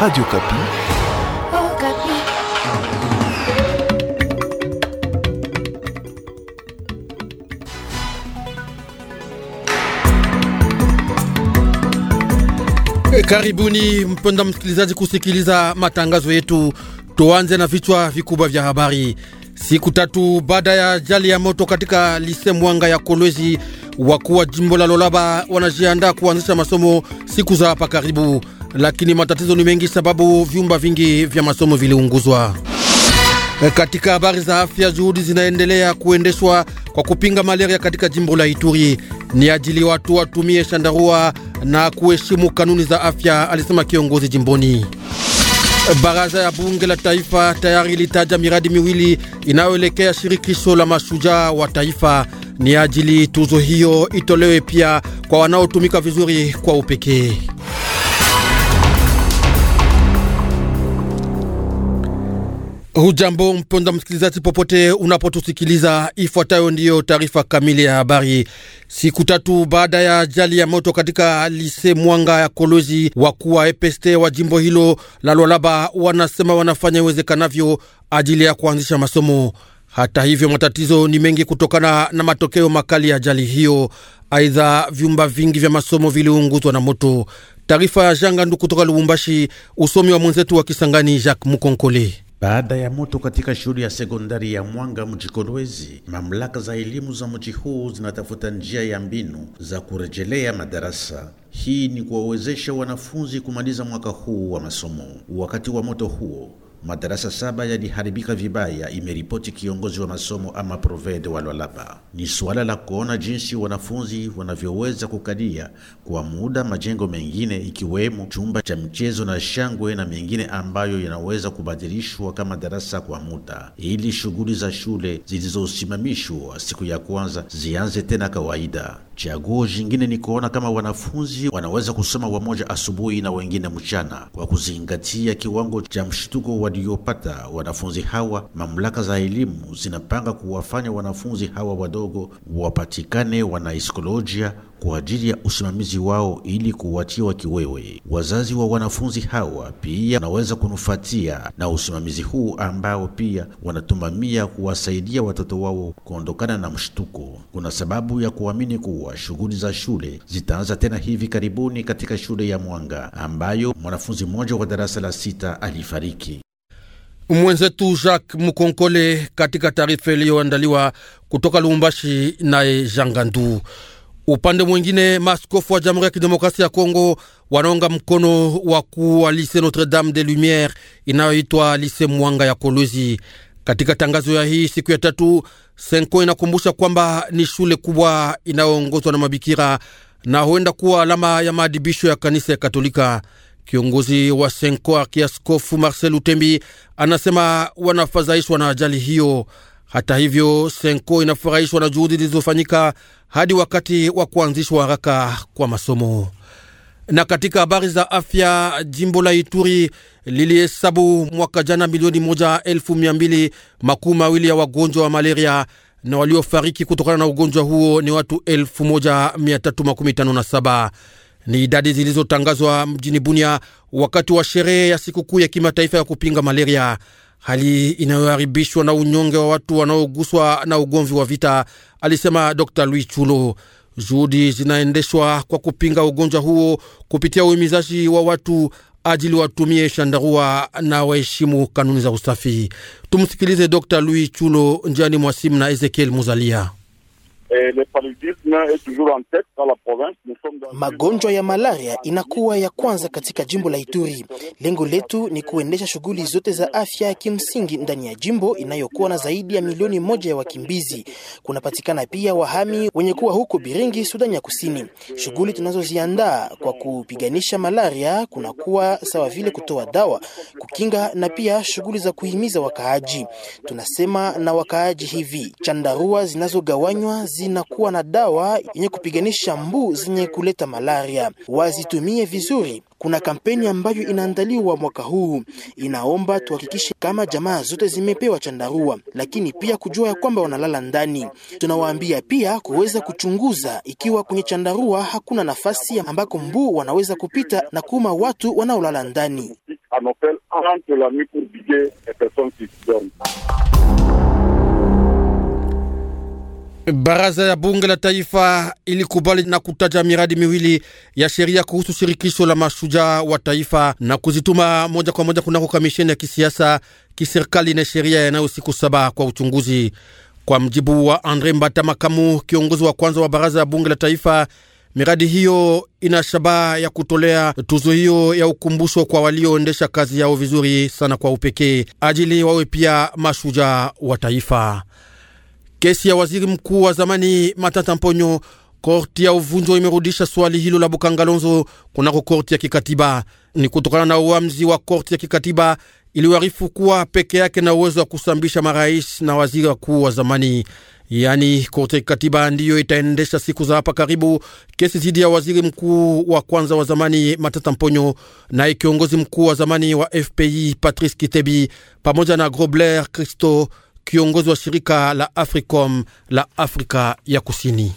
Radio Kapi. Oh, Kapi. E, karibuni mpenda msikilizaji kusikiliza matangazo yetu. Tuanze na vichwa vikubwa vya habari. Siku tatu baada ya ajali ya moto katika lise Mwanga ya Kolwezi, wakuu wa jimbo la Lolaba wanajiandaa kuanzisha masomo siku za hapa karibu lakini matatizo ni mengi sababu vyumba vingi vya masomo viliunguzwa. Eh, katika habari za afya, juhudi zinaendelea kuendeshwa kwa kupinga malaria katika jimbo la Ituri ni ajili watu watumie shandarua na kuheshimu kanuni za afya, alisema kiongozi jimboni. Baraza ya bunge la taifa tayari ilitaja miradi miwili inayoelekea shirikisho la mashujaa wa taifa. Ni ajili tuzo hiyo itolewe pia kwa wanaotumika vizuri kwa upekee. Hujambo mpenda msikilizaji, popote unapotusikiliza, ifuatayo ndiyo taarifa kamili ya habari. Siku tatu baada ya ajali ya moto katika lise Mwanga ya Kolozi, wakuu wa EPST wa jimbo hilo la Lwalaba wanasema wanafanya iwezekanavyo ajili ya kuanzisha masomo. Hata hivyo, matatizo ni mengi kutokana na matokeo makali ya ajali hiyo. Aidha, vyumba vingi vya masomo viliunguzwa na moto. Taarifa ya Jangandu kutoka Lubumbashi, usomi wa mwenzetu wa Kisangani, Jacques Mukonkole. Baada ya moto katika shule ya sekondari ya Mwanga mji Kolwezi, mamlaka za elimu za mji huu zinatafuta njia ya mbinu za kurejelea madarasa. Hii ni kuwawezesha wanafunzi kumaliza mwaka huu wa masomo. Wakati wa moto huo madarasa saba yaliharibika vibaya, imeripoti kiongozi wa masomo ama provede wa Ni suala la kuona jinsi wanafunzi wanavyoweza kukalia kwa muda majengo mengine ikiwemo chumba cha mchezo na shangwe na mengine ambayo yanaweza kubadilishwa kama darasa kwa muda, ili shughuli za shule zilizosimamishwa siku ya kwanza zianze tena kawaida. Chaguo jingine ni kuona kama wanafunzi wanaweza kusoma wamoja asubuhi na wengine mchana. Kwa kuzingatia kiwango cha mshtuko waliopata wanafunzi hawa, mamlaka za elimu zinapanga kuwafanya wanafunzi hawa wadogo wapatikane wanaisikolojia kwa ajili ya usimamizi wao ili kuwachiwa kiwewe. Wazazi wa wanafunzi hawa pia wanaweza kunufatia na usimamizi huu ambao pia wanatumamia kuwasaidia watoto wao kuondokana na mshtuko. Kuna sababu ya kuamini kuwa shughuli za shule zitaanza tena hivi karibuni katika shule ya Mwanga ambayo mwanafunzi mmoja wa darasa la sita alifariki. Mwenzetu Jacques Mukonkole katika taarifa iliyoandaliwa kutoka Lubumbashi naye Jangandu. Upande mwingine, maaskofu wa Jamhuri ya Kidemokrasia ya Kongo wanaunga mkono wakuu wa Lycée Notre Dame de Lumiere inayoitwa Lycée Mwanga ya Kolwezi. Katika tangazo ya hii siku ya tatu, Senko inakumbusha kwamba ni shule kubwa inayoongozwa na mabikira na huenda kuwa alama ya maadibisho ya kanisa ya Katolika. Kiongozi wa Senko akiaskofu Marcel Utembi anasema wanafadhaishwa na ajali hiyo. Hata hivyo, Senko inafurahishwa na juhudi zilizofanyika hadi wakati wa kuanzishwa haraka kwa masomo. Na katika habari za afya, jimbo la Ituri lilihesabu mwaka jana milioni moja elfu mia mbili makumi mawili ya wagonjwa wa malaria na waliofariki kutokana na ugonjwa huo ni watu 1357 Ni idadi zilizotangazwa mjini Bunia wakati wa sherehe ya sikukuu ya kimataifa ya kupinga malaria hali inayoharibishwa na unyonge wa watu wanaoguswa na ugomvi wa vita, alisema Dr Louis Chulo. Juhudi zinaendeshwa kwa kupinga ugonjwa huo kupitia uhimizaji wa watu ajili watumie shandarua na waheshimu kanuni za usafi. Tumsikilize Dr Louis Chulo njiani mwa simu na Ezekiel Muzalia le paludisme est toujours en tête dans la province. Magonjwa ya malaria inakuwa ya kwanza katika jimbo la Ituri. Lengo letu ni kuendesha shughuli zote za afya ya kimsingi ndani ya jimbo inayokuwa na zaidi ya milioni moja ya wakimbizi. Kunapatikana pia wahami wenye kuwa huko Biringi, Sudani ya Kusini. Shughuli tunazoziandaa kwa kupiganisha malaria kunakuwa sawa vile kutoa dawa, kukinga na pia shughuli za kuhimiza wakaaji. Tunasema na wakaaji hivi, chandarua zinazogawanywa zinakuwa na dawa yenye kupiganisha mbu zenye kuleta malaria, wazitumie vizuri. Kuna kampeni ambayo inaandaliwa mwaka huu, inaomba tuhakikishe kama jamaa zote zimepewa chandarua, lakini pia kujua ya kwamba wanalala ndani. Tunawaambia pia kuweza kuchunguza ikiwa kwenye chandarua hakuna nafasi ambako mbu wanaweza kupita na kuuma watu wanaolala ndani. Baraza ya bunge la taifa ilikubali na kutaja miradi miwili ya sheria kuhusu shirikisho la mashujaa wa taifa na kuzituma moja kwa moja kunako kamisheni ya kisiasa kiserikali na sheria yanayo siku saba kwa uchunguzi. Kwa mjibu wa Andre Mbata, makamu kiongozi wa kwanza wa baraza ya bunge la taifa, miradi hiyo ina shabaha ya kutolea tuzo hiyo ya ukumbusho kwa walioendesha kazi yao vizuri sana kwa upekee, ajili wawe pia mashujaa wa taifa kesi ya waziri mkuu wa zamani Matata Mponyo, korti ya uvunjo imerudisha swali hilo la Bukangalonzo kunako korti ya kikatiba. Ni kutokana na uamuzi wa korti ya kikatiba iliwarifu kuwa peke yake na uwezo wa kusambisha marais na waziri mkuu wa zamani. Yaani, korti ya kikatiba ndiyo itaendesha siku za hapa karibu kesi dhidi ya waziri mkuu wa kwanza wa zamani Matata Mponyo na kiongozi mkuu wa zamani wa FPI Patrice Kitebi pamoja na Grobler Christo kiongozi wa shirika la Africom la Afrika ya Kusini.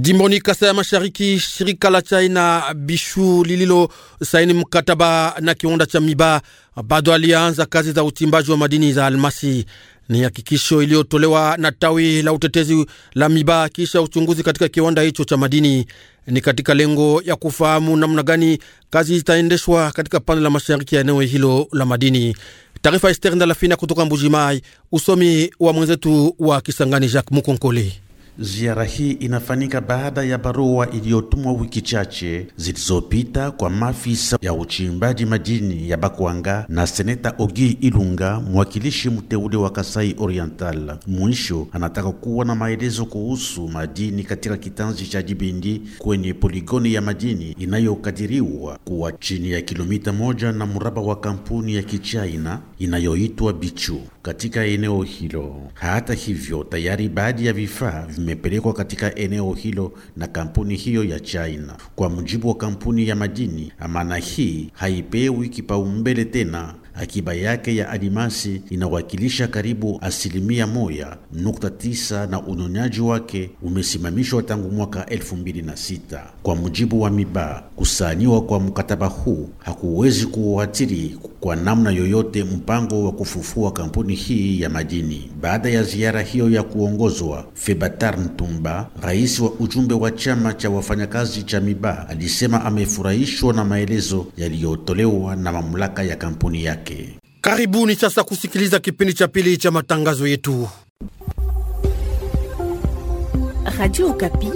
Jimboni Kasa ya Mashariki, shirika la China Bishu lililo saini mkataba na kiwanda cha Miba bado alianza kazi za uchimbaji wa madini za almasi. Ni hakikisho iliyotolewa na tawi la utetezi la Miba kisha uchunguzi katika kiwanda hicho cha madini. Ni katika lengo ya kufahamu namna gani kazi zitaendeshwa katika pande la mashariki ya eneo hilo la madini. Taarifa Ester Ndalafina kutoka Mbujimai, usomi wa mwenzetu wa Kisangani Jacques Mukonkole. Ziara hii inafanyika baada ya barua iliyotumwa wiki chache zilizopita kwa maafisa ya uchimbaji madini ya Bakwanga na seneta Ogi Ilunga, mwakilishi mteule wa Kasai Oriental. Mwisho anataka kuwa na maelezo kuhusu madini katika kitanzi cha Jibindi kwenye poligoni ya madini inayokadiriwa kuwa chini ya kilomita moja na mraba wa kampuni ya Kichina inayoitwa Bichu katika eneo hilo. Hata hivyo, tayari baadhi ya vifaa vimepelekwa katika eneo hilo na kampuni hiyo ya China. Kwa mujibu wa kampuni ya madini, amana hii haipewi kipaumbele tena Akiba yake ya alimasi inawakilisha karibu asilimia moja nukta tisa na unyonyaji wake umesimamishwa tangu mwaka elfu mbili na sita. Kwa mujibu wa Miba, kusainiwa kwa mkataba huu hakuwezi kuuathiri kwa namna yoyote mpango wa kufufua kampuni hii ya madini. Baada ya ziara hiyo ya kuongozwa, Febatar Ntumba, rais wa ujumbe wa chama cha wafanyakazi cha Miba, alisema amefurahishwa na maelezo yaliyotolewa na mamlaka ya kampuni yake yake. Karibuni sasa kusikiliza kipindi cha pili cha matangazo yetu Radio Okapi.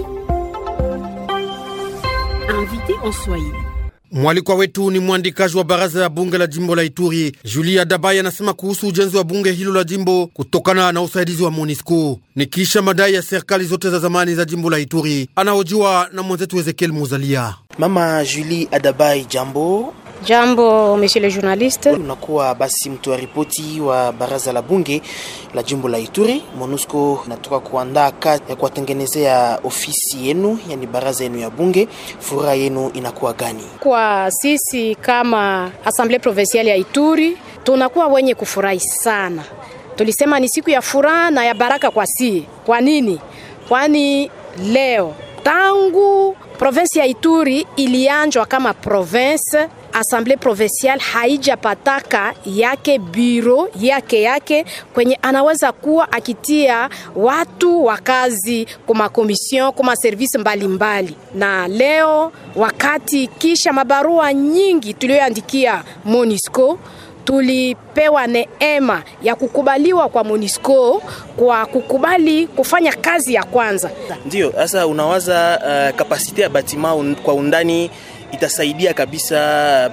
Mwalikwa wetu ni mwandikaji wa baraza ya bunge la jimbo la Ituri, Julia Dabai, anasema kuhusu ujenzi wa bunge hilo la jimbo kutokana na usaidizi wa monisco ni kisha madai ya serikali zote za zamani za jimbo la Ituri. Anahojiwa na mwenzetu Ezekiel Muzalia. Mama Julie Adabai, jambo. Jambo, monsieur le journaliste. Unakuwa basi mtu wa ripoti wa baraza la bunge la jimbo la Ituri. MONUSCO natoka kuandaa kazi ya kuwatengenezea ofisi yenu, yani baraza yenu ya bunge. Furaha yenu inakuwa gani? Kwa sisi kama Assemblée Provinciale ya Ituri tunakuwa wenye kufurahi sana. Tulisema ni siku ya furaha na ya baraka kwa si Kwa nini? Kwani leo tangu provinsi ya Ituri ilianjwa kama province Asamble provincial haijapataka yake biro yake yake kwenye anaweza kuwa akitia watu wa kazi kuma komision kuma service mbalimbali. Na leo wakati kisha mabarua nyingi tuliyoandikia Monisco tulipewa neema ya kukubaliwa kwa Monisco kwa kukubali kufanya kazi ya kwanza. Ndio sasa unawaza uh, eh, kapasiti ya batima un, kwa undani itasaidia kabisa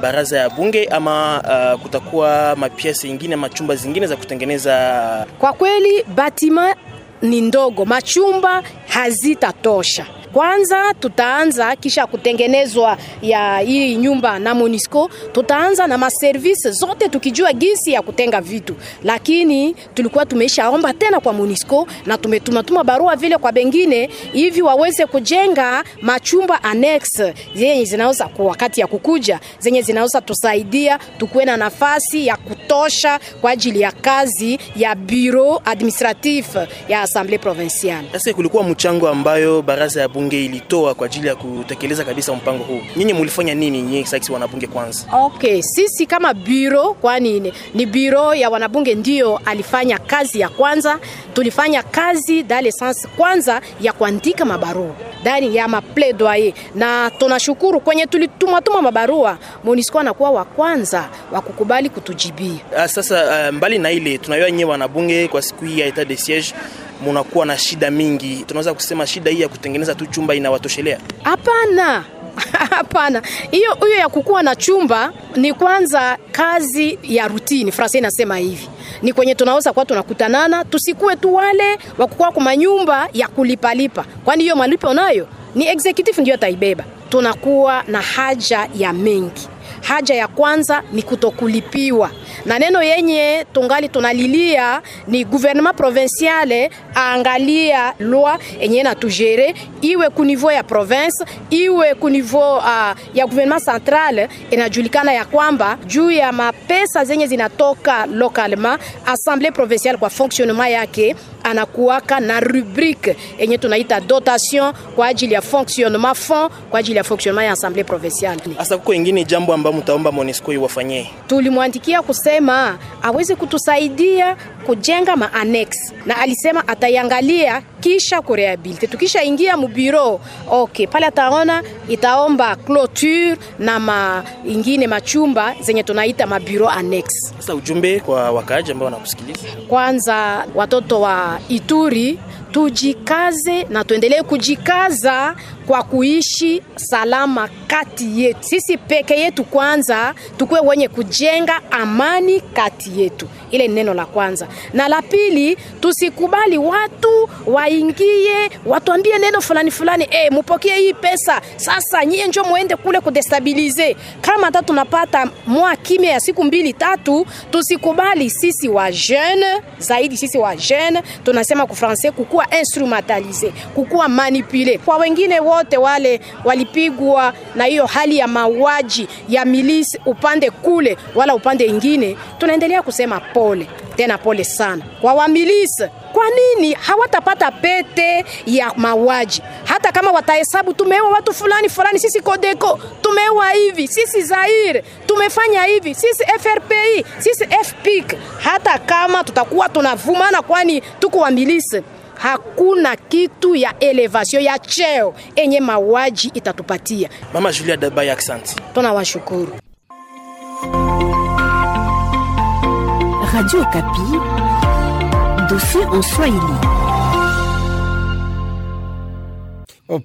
baraza ya bunge ama uh, kutakuwa mapiasi ingine machumba zingine za kutengeneza. Kwa kweli batima ni ndogo, machumba hazitatosha. Kwanza tutaanza kisha kutengenezwa ya hii nyumba na Monisco, tutaanza na maservice zote tukijua gisi ya kutenga vitu, lakini tulikuwa tumeishaomba tena kwa Monisco na tumetumatuma barua vile kwa bengine hivi waweze kujenga machumba annex zenye zinaweza kwa wakati ya kukuja zenye zinaweza tusaidia tukuwe na nafasi ya kutosha kwa ajili ya kazi ya bureau administratif ya assemblée provinciale. Kulikuwa mchango ambayo baraza ya bunge bunge ilitoa kwa ajili ya kutekeleza kabisa mpango huu? Nyinyi mlifanya nini nyinyi sasa wanabunge kwanza? Okay, sisi kama biro, kwani ni, ni biro ya wanabunge ndio alifanya kazi ya kwanza. Tulifanya kazi dale sans kwanza ya kuandika mabarua ndani ya mapledoyer, na tunashukuru kwenye tulituma tuma mabarua, MONUSCO anakuwa wa kwanza wa kukubali kutujibia. Ah, sasa uh, mbali na ile tunayoa nyewe wanabunge kwa siku hii ya etat de siege munakuwa na shida mingi. Tunaweza kusema shida hii ya kutengeneza tu chumba inawatoshelea? Hapana. Hapana, hiyo hiyo ya kukuwa na chumba ni kwanza kazi ya rutini. Fransa inasema hivi ni kwenye tunaweza kuwa tunakutanana, tusikue tu wale kukua kwa manyumba ya kulipalipa, kwani hiyo malipo nayo ni executive ndio ataibeba. Tunakuwa na haja ya mengi. Haja ya kwanza ni kutokulipiwa na neno yenye tungali tunalilia ni gouvernement provincial aangalia loi yenye natujere, iwe ku niveau ya province, iwe ku niveau uh, ya gouvernement central. Inajulikana ya kwamba juu ya mapesa zenye zinatoka lokalema, assemblée provinciale kwa fonctionnement yake anakuwaka na rubrique yenye tunaita dotation kwa ajili ya fonctionnement fond kwa ajili ya fonctionnement ya assemblée provinciale. Hasa kuko ingine jambo ambalo mtaomba Monisco iwafanyie, tulimwandikia alivyosema aweze kutusaidia kujenga maanex, na alisema atayangalia kisha kurehabilite. ingia mubiro okay, pale ataona itaomba cloture na ma ingine machumba zenye tunaita mabiro annex. Sasa ujumbe kwa wakaaji ambao wanakusikiliza, kwanza watoto wa Ituri tujikaze na tuendelee kujikaza kwa kuishi salama kati yetu sisi peke yetu. Kwanza tukuwe wenye kujenga amani kati yetu, ile neno la kwanza. Na la pili, tusikubali watu waingie watuambie neno fulani fulani, eh, mupokee hii pesa sasa, nyie njo muende kule kudestabilize. Kama hata tunapata mwa kimya ya siku mbili tatu, tusikubali sisi wa jeune, zaidi sisi wa jeune tunasema kufrancais, kukuwa instrumentalize, kukuwa manipule kwa wengine wo wote wale walipigwa na hiyo hali ya mauaji ya milisi upande kule wala upande ingine, tunaendelea kusema pole tena pole sana kwa wamilisi. Kwa nini hawatapata pete ya mauaji? Hata kama watahesabu tumeua watu fulani fulani, sisi Kodeko tumeua hivi, sisi Zaire tumefanya hivi, sisi FRPI, sisi FPIC, hata kama tutakuwa tunavumana, kwani tuko wamilisi hakuna kitu ya elevasio ya cheo enye mawaji itatupatia. Mama Julia Dabaya, asante, tunawashukuru. Radio Okapi, dossier en Swahili.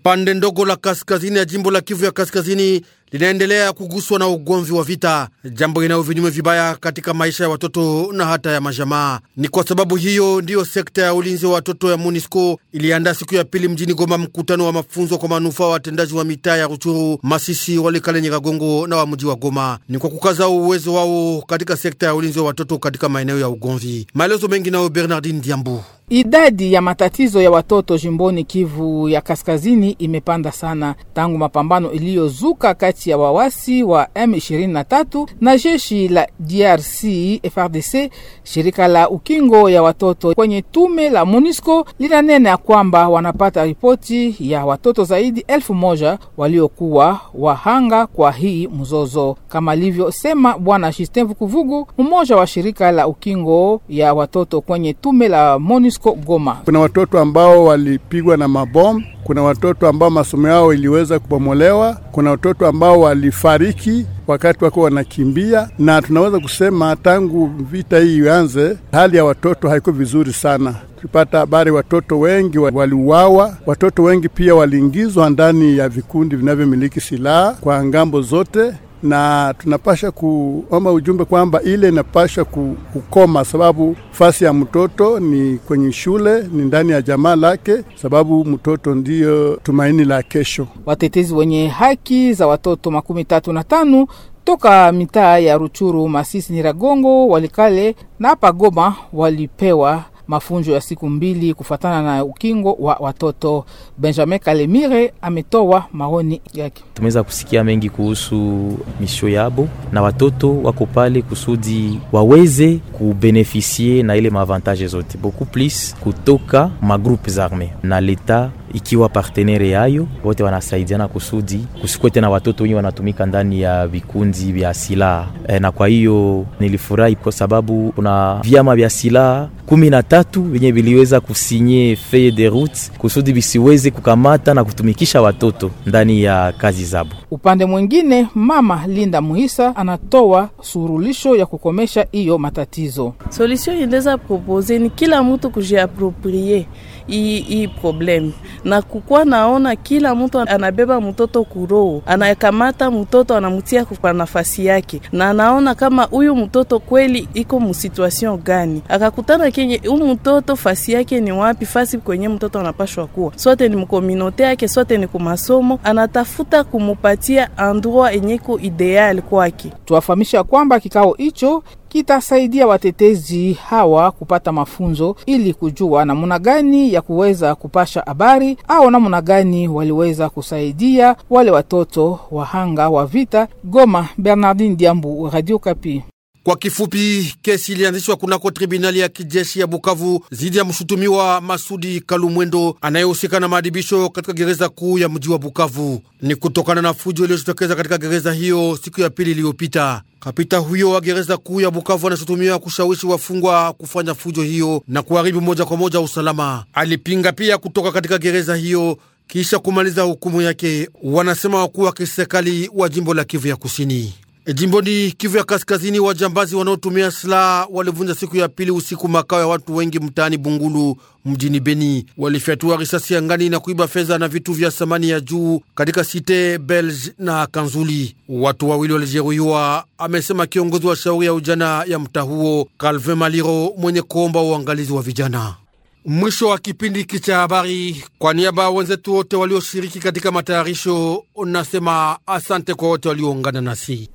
Pande ndogo la kaskazini ya jimbo la Kivu ya kaskazini linaendelea kuguswa na ugomvi wa vita, jambo inayo vinyume vibaya katika maisha ya watoto na hata ya majamaa. Ni kwa sababu hiyo ndiyo sekta ya ulinzi wa watoto ya MONUSCO iliandaa siku ya pili mjini Goma mkutano wa mafunzo kwa manufaa wa watendaji wa mitaa ya Ruchuru, Masisi, Walikale, Nyiragongo na wa mji wa Goma. Ni kwa kukaza uwezo wao katika sekta ya ulinzi wa watoto katika maeneo ya ugomvi. Maelezo mengi nayo Bernardin Diambu. Idadi ya matatizo ya watoto jimboni Kivu ya Kaskazini imepanda sana tangu mapambano iliyozuka kati ya wawasi wa M23 na jeshi la DRC FRDC. Shirika la ukingo ya watoto kwenye tume la MONUSCO linanena kwamba wanapata ripoti ya watoto zaidi elfu moja waliokuwa wahanga kwa hii mzozo, kama alivyosema Bwana Justin Vukuvugu, mmoja wa shirika la ukingo ya watoto kwenye tume la MONUSCO huko Goma. Kuna watoto ambao walipigwa na mabomu, kuna watoto ambao masomo yao iliweza kubomolewa, kuna watoto ambao walifariki wakati wako wanakimbia, na tunaweza kusema tangu vita hii ianze, hali ya watoto haiko vizuri sana. Tulipata habari watoto wengi waliuawa, watoto wengi pia waliingizwa ndani ya vikundi vinavyomiliki silaha kwa ngambo zote na tunapasha kuomba ujumbe kwamba ile inapasha kukoma, sababu fasi ya mtoto ni kwenye shule, ni ndani ya jamaa lake, sababu mtoto ndiyo tumaini la kesho. Watetezi wenye haki za watoto makumi tatu na tano toka mitaa ya Ruchuru, Masisi, Nyiragongo, Walikale na hapa Goma walipewa mafunzo ya siku mbili kufatana na ukingo wa watoto. Benjamin Kalemire ametoa maoni yake. Tumeweza kusikia mengi kuhusu misho yabo na watoto wako pale kusudi waweze kubenefisie na ile maavantage zote beaucoup plus kutoka magroupe arme na leta ikiwa partenere yayo wote wanasaidiana kusudi kusikwete tena watoto wenye wanatumika ndani ya vikundi vya silaha e, na kwa hiyo nilifurahi kwa sababu kuna vyama vya silaha kumi na tatu vyenye viliweza kusinye feye de route kusudi visiweze kukamata na kutumikisha watoto ndani ya kazi zabo. Upande mwingine, mama Linda Muhisa anatoa surulisho ya kukomesha hiyo matatizo. Solution inaweza propose ni kila mtu kujiaproprie hii problem, na kukwa naona kila mtu anabeba mtoto kuroo, anakamata mtoto anamutia kwa nafasi yake, na anaona kama huyu mtoto kweli iko musituation gani, akakutana kenye huyu mtoto fasi yake ni wapi, fasi kwenye mtoto anapashwa kuwa, sote ni mkominote yake, sote ni kumasomo, anatafuta kumupatia endroit enyeko ideal kwake. Tuwafahamisha kwamba kikao hicho kitasaidia watetezi hawa kupata mafunzo ili kujua namna gani ya kuweza kupasha habari au namna gani waliweza kusaidia wale watoto wahanga wa vita. Goma, Bernardin Diambu, Radio Kapi. Kwa kifupi, kesi ilianzishwa kunako tribunali ya kijeshi ya Bukavu dhidi ya mshutumiwa Masudi Kalumwendo anayehusika na maadibisho katika gereza kuu ya mji wa Bukavu. Ni kutokana na fujo iliyojitokeza katika gereza hiyo siku ya pili iliyopita. Kapita huyo wa gereza kuu ya Bukavu anashutumiwa kushawishi wafungwa kufanya fujo hiyo na kuharibu moja kwa moja usalama. Alipinga pia kutoka katika gereza hiyo kisha kumaliza hukumu yake, wanasema wakuu wa kiserikali wa jimbo la Kivu ya Kusini. E, jimboni Kivu ya Kaskazini, wajambazi wanaotumia silaha walivunja siku ya pili usiku makao ya watu wengi mtaani Bungulu mjini Beni. Walifyatua risasi angani na kuiba fedha na vitu vya thamani ya juu katika Site Belge na Kanzuli. Watu wawili walijeruhiwa, amesema kiongozi wa shauri ya ujana ya mtaa huo Calvin Maliro mwenye kuomba uangalizi wa vijana. Mwisho wa kipindi hiki cha habari, kwa niaba wenzetu wote walioshiriki katika matayarisho, unasema asante kwa wote walioungana nasi.